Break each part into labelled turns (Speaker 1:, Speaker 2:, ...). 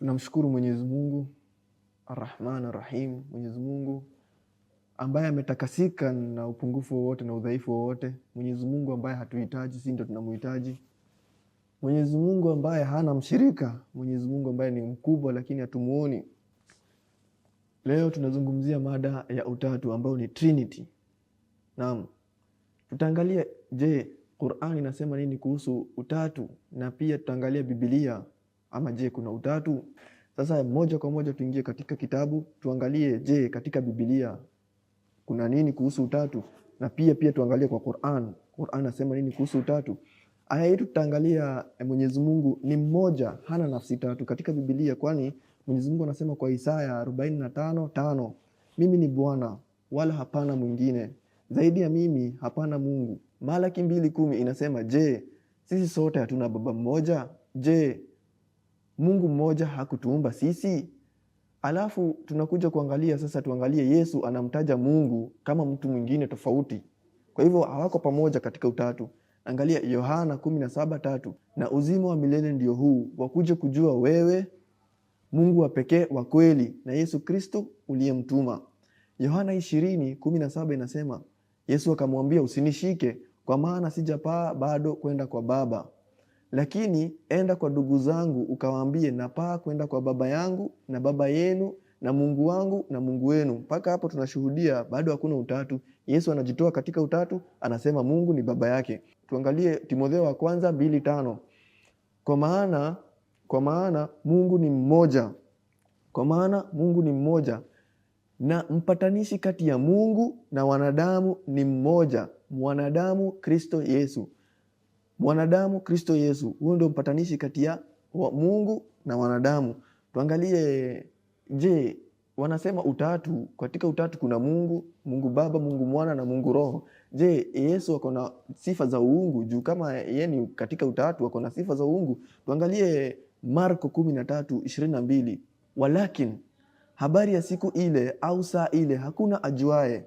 Speaker 1: Tunamshukuru Mwenyezi Mungu Arrahman Rahim, Mwenyezi Mungu ambaye ametakasika na upungufu wowote na udhaifu wowote, Mwenyezi Mungu ambaye hatuhitaji, si ndio tunamhitaji, Mwenyezi Mungu ambaye hana mshirika, Mwenyezi Mungu ambaye ni mkubwa lakini hatumuoni. Leo tunazungumzia mada ya utatu ambayo ni Trinity. Naam, tutaangalia je, Qur'an inasema nini kuhusu utatu na pia tutaangalia Biblia ama je, kuna utatu? Sasa moja kwa moja tuingie katika kitabu tuangalie, je, katika Biblia kuna nini kuhusu utatu, na pia pia tuangalie kwa Qur'an, Qur'an nasema nini kuhusu utatu. Aya yetu tutaangalia eh, Mwenyezi Mungu ni mmoja, hana nafsi tatu katika Biblia, kwani Mwenyezi Mungu anasema kwa Isaya 45:5, mimi ni Bwana wala hapana mwingine, zaidi ya mimi hapana Mungu. Malaki mbili kumi inasema, je, sisi sote hatuna baba mmoja? Je, Mungu mmoja hakutuumba sisi? Alafu tunakuja kuangalia sasa, tuangalie Yesu anamtaja Mungu kama mtu mwingine tofauti, kwa hivyo hawako pamoja katika utatu. Angalia Yohana kumi na saba tatu na uzima wa milele ndio huu wakuja kujua wewe Mungu wa pekee wa kweli na Yesu Kristo uliyemtuma. Yohana ishirini kumi na saba inasema Yesu akamwambia, usinishike kwa maana sijapaa bado kwenda kwa Baba lakini enda kwa ndugu zangu ukawaambie, napaa kwenda kwa baba yangu na baba yenu na Mungu wangu na Mungu wenu. Mpaka hapo tunashuhudia bado hakuna utatu. Yesu anajitoa katika utatu, anasema Mungu ni baba yake. Tuangalie Timotheo wa kwanza mbili tano kwa maana kwa maana Mungu ni mmoja, kwa maana Mungu ni mmoja na mpatanishi kati ya Mungu na wanadamu ni mmoja, mwanadamu Kristo Yesu mwanadamu Kristo Yesu. huyo ndio mpatanishi kati ya Mungu na wanadamu. Tuangalie, je, wanasema utatu. Katika utatu kuna Mungu, Mungu Baba, Mungu Mwana na Mungu Roho. Je, Yesu ako na sifa za uungu? Juu kama yeye ni katika utatu ako na sifa za uungu. Tuangalie Marko 13:22, walakin habari ya siku ile au saa ile hakuna ajuae,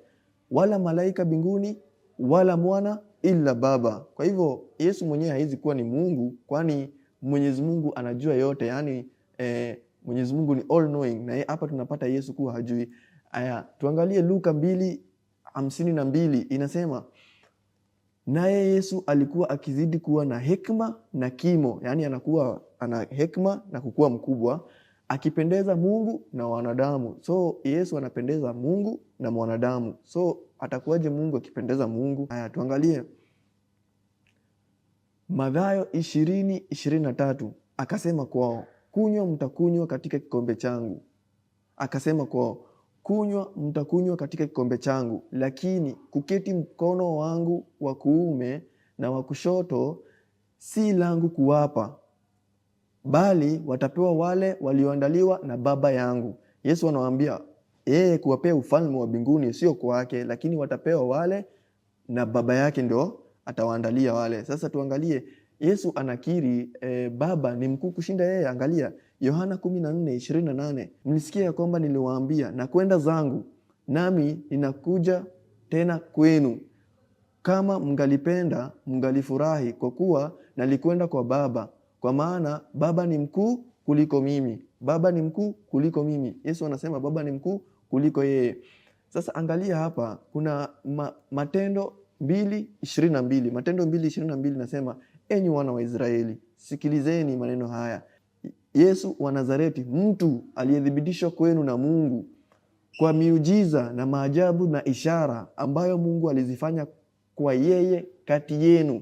Speaker 1: wala malaika binguni, wala mwana ila Baba. Kwa hivyo Yesu mwenyewe hawezi kuwa ni Mungu, kwani Mwenyezi Mungu anajua yote, yaani e, Mwenyezi Mungu ni all knowing, na hapa tunapata Yesu kuwa hajui. Aya, tuangalie Luka mbili hamsini na mbili inasema naye Yesu alikuwa akizidi kuwa na hekima na kimo, yaani anakuwa ana hekima na kukuwa mkubwa akipendeza Mungu na wanadamu. So Yesu anapendeza Mungu na mwanadamu, so atakuwaje Mungu akipendeza Mungu? Haya, tuangalie madhayo ishirini ishirini na tatu akasema kwao, kunywa mtakunywa katika kikombe changu. Akasema kwao, kunywa mtakunywa katika kikombe changu, lakini kuketi mkono wangu wa kuume na wa kushoto si langu kuwapa bali watapewa wale walioandaliwa na Baba yangu. Yesu anawaambia yeye kuwapea ufalme wa mbinguni sio kwake, lakini watapewa wale na Baba yake ndio atawaandalia wale. Sasa tuangalie Yesu anakiri e, Baba ni mkuu kushinda yeye. Angalia Yohana 14:28, mlisikia ya kwamba niliwaambia nakwenda zangu nami ninakuja tena kwenu. Kama mngalipenda mngalifurahi, kwa kuwa nalikwenda kwa Baba kwa maana baba ni mkuu kuliko mimi, baba ni mkuu kuliko mimi. Yesu anasema baba ni mkuu kuliko yeye. Sasa angalia hapa, kuna ma, Matendo mbili ishirini na mbili Matendo mbili ishirini na mbili nasema enyi wana wa Israeli, sikilizeni maneno haya, Yesu wa Nazareti, mtu aliyethibitishwa kwenu na Mungu kwa miujiza na maajabu na ishara ambayo Mungu alizifanya kwa yeye kati yenu,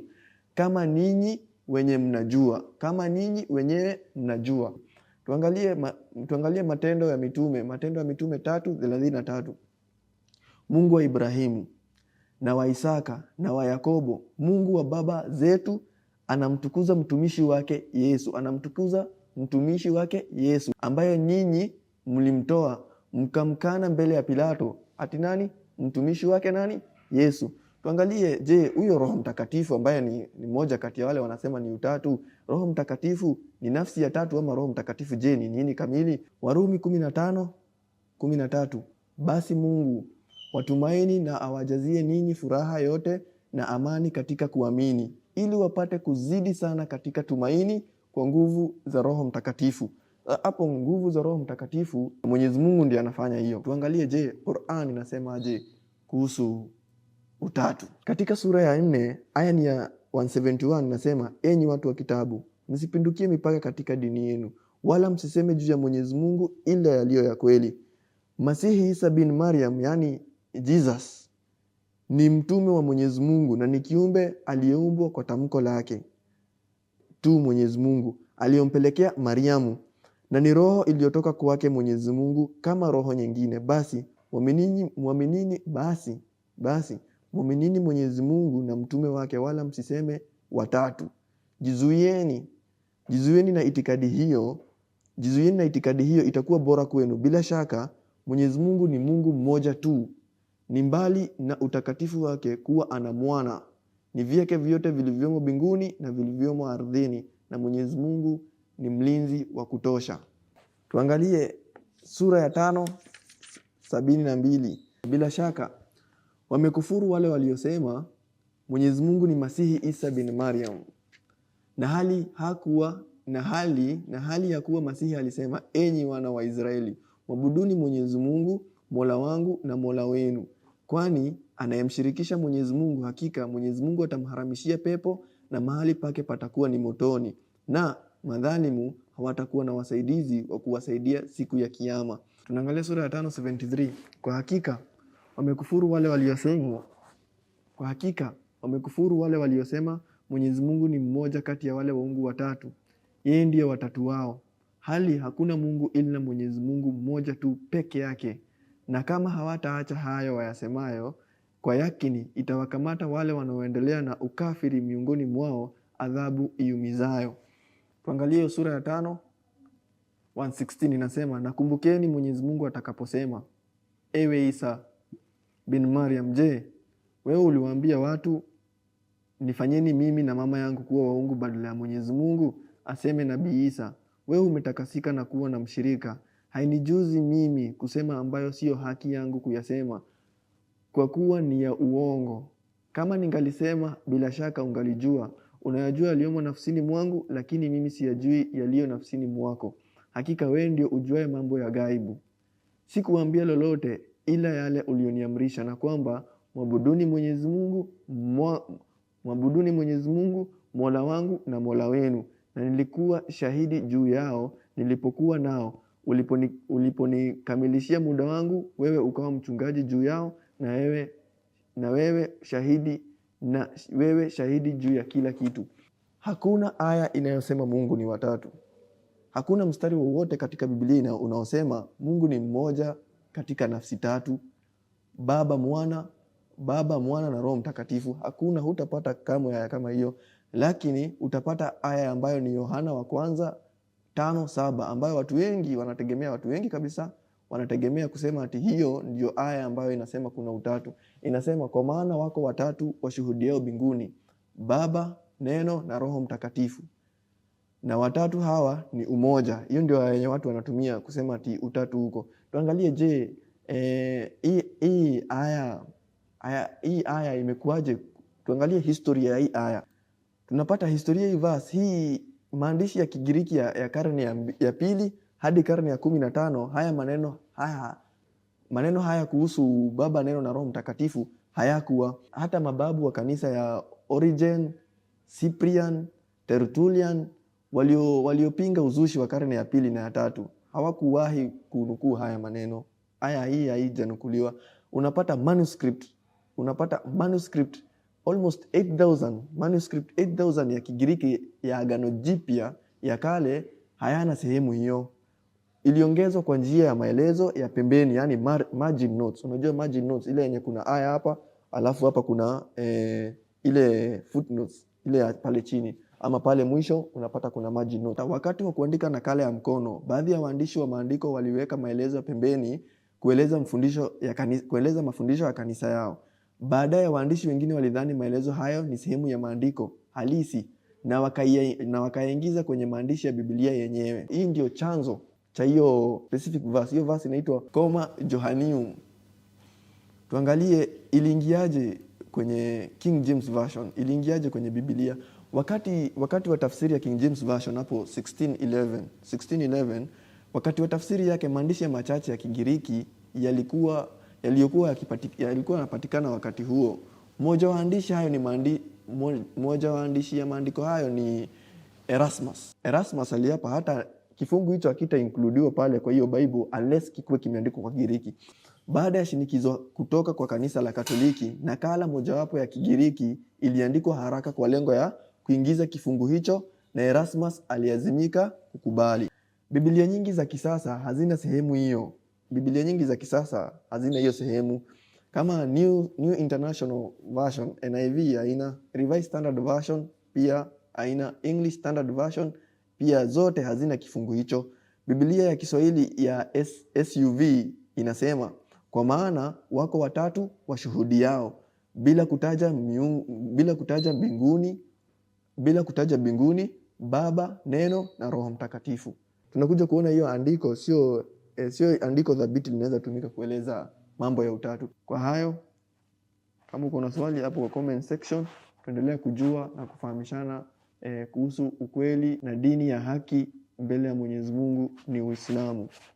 Speaker 1: kama ninyi wenye mnajua, kama ninyi wenyewe mnajua. Tuangalie, ma, tuangalie Matendo ya Mitume, Matendo ya Mitume tatu thelathini na tatu. Mungu wa Ibrahimu na wa Isaka na wa Yakobo, Mungu wa baba zetu anamtukuza mtumishi wake Yesu, anamtukuza mtumishi wake Yesu ambaye ninyi mlimtoa mkamkana mbele ya Pilato. Ati nani mtumishi wake nani? Yesu. Tuangalie, je, huyo Roho Mtakatifu ambaye ni, ni moja kati ya wale wanasema ni utatu. Roho Mtakatifu ni nafsi ya tatu ama Roho Mtakatifu je ni nini kamili? Warumi kumi na tano kumi na tatu basi Mungu watumaini na awajazie ninyi furaha yote na amani katika kuamini, ili wapate kuzidi sana katika tumaini kwa nguvu za Roho Mtakatifu. Hapo nguvu za Roho Mtakatifu Mwenyezi Mungu ndiye anafanya hiyo. Tuangalie, je, Qur'an inasema je kuhusu utatu. Katika sura ya nne aya ni ya 171 nasema, enyi watu wa kitabu, msipindukie mipaka katika dini yenu, wala msiseme juu ya Mwenyezi Mungu ila yaliyo ya kweli. Masihi Isa bin Maryam, yani Jesus, ni mtume wa Mwenyezi Mungu na ni kiumbe aliyeumbwa kwa tamko lake tu Mwenyezi Mungu aliyompelekea Mariamu, na ni roho iliyotoka kwake Mwenyezi Mungu kama roho nyingine. Basi mwaminini, mwaminini basi basi mwaminini Mwenyezi Mungu na mtume wake, wala msiseme watatu. Jizuieni, jizuieni na itikadi hiyo, jizuieni na itikadi hiyo, itakuwa bora kwenu. Bila shaka Mwenyezi Mungu ni Mungu mmoja tu, ni mbali na utakatifu wake kuwa ana mwana, ni vyake vyote vilivyomo binguni na vilivyomo ardhini, na Mwenyezi Mungu ni mlinzi wa kutosha. Tuangalie sura ya tano sabini na mbili. Bila shaka Wamekufuru wale waliosema Mwenyezi Mungu ni Masihi Isa bin Maryam, na hali hakuwa na hali na hali ya kuwa Masihi alisema, enyi wana wa Israeli, mwabuduni Mwenyezi Mungu Mola wangu na Mola wenu, kwani anayemshirikisha Mwenyezi Mungu, hakika Mwenyezi Mungu atamharamishia pepo na mahali pake patakuwa ni motoni, na madhalimu hawatakuwa na wasaidizi wa kuwasaidia siku ya Kiyama. Tunaangalia sura ya 573 kwa hakika wamekufuru wale waliosema, kwa hakika wamekufuru wale waliosema Mwenyezi Mungu ni mmoja kati ya wale waungu watatu, yeye ndiye watatu wao, hali hakuna Mungu ila Mwenyezi Mungu mmoja tu peke yake. Na kama hawataacha hayo wayasemayo, kwa yakini itawakamata wale wanaoendelea na ukafiri miongoni mwao adhabu iumizayo. Tuangalie sura ya tano 116 inasema, nakumbukeni Mwenyezi Mungu atakaposema, ewe Isa bin Maryam, je, wewe uliwaambia watu nifanyeni mimi na mama yangu kuwa waungu badala ya Mwenyezi Mungu? Aseme Nabii Isa, wewe umetakasika na kuwa na mshirika. Hainijuzi mimi kusema ambayo siyo haki yangu kuyasema, kwa kuwa ni ya uongo. Kama ningalisema, bila shaka ungalijua. Unayajua yaliyomo nafsini mwangu, lakini mimi siyajui yaliyo nafsini mwako. Hakika wewe ndio ujuae mambo ya gaibu Sikuambia lolote ila yale ulioniamrisha, na kwamba mwabuduni Mwenyezi Mungu, mwabuduni Mwenyezi Mungu mola wangu na mola wenu, na nilikuwa shahidi juu yao nilipokuwa nao uliponikamilishia muda wangu, wewe ukawa mchungaji juu yao, na wewe, na wewe shahidi na wewe shahidi juu ya kila kitu. Hakuna aya inayosema Mungu ni watatu. Hakuna mstari wowote katika Biblia unaosema Mungu ni mmoja katika nafsi tatu, Baba, Mwana, Baba, Mwana na Roho Mtakatifu. Hakuna, hutapata kamwe aya kama hiyo, lakini utapata aya ambayo ni Yohana wa kwanza tano saba ambayo watu wengi wanategemea, watu wengi kabisa wanategemea kusema ati hiyo ndio aya ambayo inasema kuna utatu. Inasema kwa maana wako watatu washuhudiao binguni Baba, Neno na Roho Mtakatifu, na watatu hawa ni umoja. Hiyo ndio yenye watu wanatumia kusema ati utatu huko tuangalie je, eh, hii aya aya hii aya imekuaje? Tuangalie historia ya hii aya. Tunapata historia hii verse hii, maandishi ya Kigiriki ya, ya karne ya, ya pili hadi karne ya kumi na tano. Haya maneno haya maneno haya kuhusu Baba, Neno na Roho Mtakatifu hayakuwa. Hata mababu wa kanisa ya Origen, Cyprian, Tertullian waliopinga walio uzushi wa karne ya pili na ya tatu hawakuwahi kunukuu haya maneno. Aya hii haijanukuliwa. Unapata manuscript, unapata manuscript almost 8000 manuscript 8000 ya Kigiriki ya Agano Jipya ya kale hayana sehemu hiyo, iliongezwa kwa njia ya maelezo ya pembeni, yani mar, margin notes. Unajua margin notes ile yenye kuna aya hapa alafu hapa kuna eh, ile footnotes ile pale chini ama pale mwisho unapata kuna maji nota. Wakati wa kuandika nakala ya mkono, baadhi ya waandishi wa maandiko waliweka maelezo pembeni kueleza mfundisho ya kanisa, kueleza mafundisho ya kanisa yao. Baadaye waandishi wengine walidhani maelezo hayo ni sehemu ya maandiko halisi na na wakaingiza kwenye maandishi ya Biblia yenyewe. Hii ndio chanzo cha hiyo specific verse. Hiyo verse inaitwa Comma Johannium. Tuangalie iliingiaje kwenye King James Version, iliingiaje kwenye Biblia. Wakati, wakati wa tafsiri ya King James Version hapo 1611, 1611 wakati wa tafsiri yake maandishi ya machache ya Kigiriki yalikuwa yaliyokuwa yalikuwa yanapatikana wakati huo. Mmoja wa andishi hayo ni maandi, mmoja wa andishi ya maandiko hayo ni Erasmus. Erasmus aliapa hata kifungu hicho hakita hakitainkludiwa pale kwa hiyo Bible unless kikuwe kimeandikwa kwa Kigiriki. Baada ya shinikizo kutoka kwa kanisa la Katoliki, nakala mojawapo ya Kigiriki iliandikwa haraka kwa lengo ya kuingiza kifungu hicho na Erasmus aliazimika kukubali. Biblia nyingi za kisasa hazina sehemu hiyo. Biblia nyingi za kisasa hazina hiyo sehemu kama New, New International Version NIV haina, Revised Standard Version pia haina, English Standard Version pia zote hazina kifungu hicho. Biblia ya Kiswahili ya SUV inasema kwa maana wako watatu washuhudiao bila kutaja miungu, bila kutaja mbinguni bila kutaja mbinguni, Baba, Neno na Roho Mtakatifu. Tunakuja kuona hiyo andiko sio eh, sio andiko thabiti linaweza tumika kueleza mambo ya utatu. Kwa hayo, kama uko na swali hapo kwa comment section, tuendelea kujua na kufahamishana eh, kuhusu ukweli na dini ya haki mbele ya Mwenyezi Mungu ni Uislamu.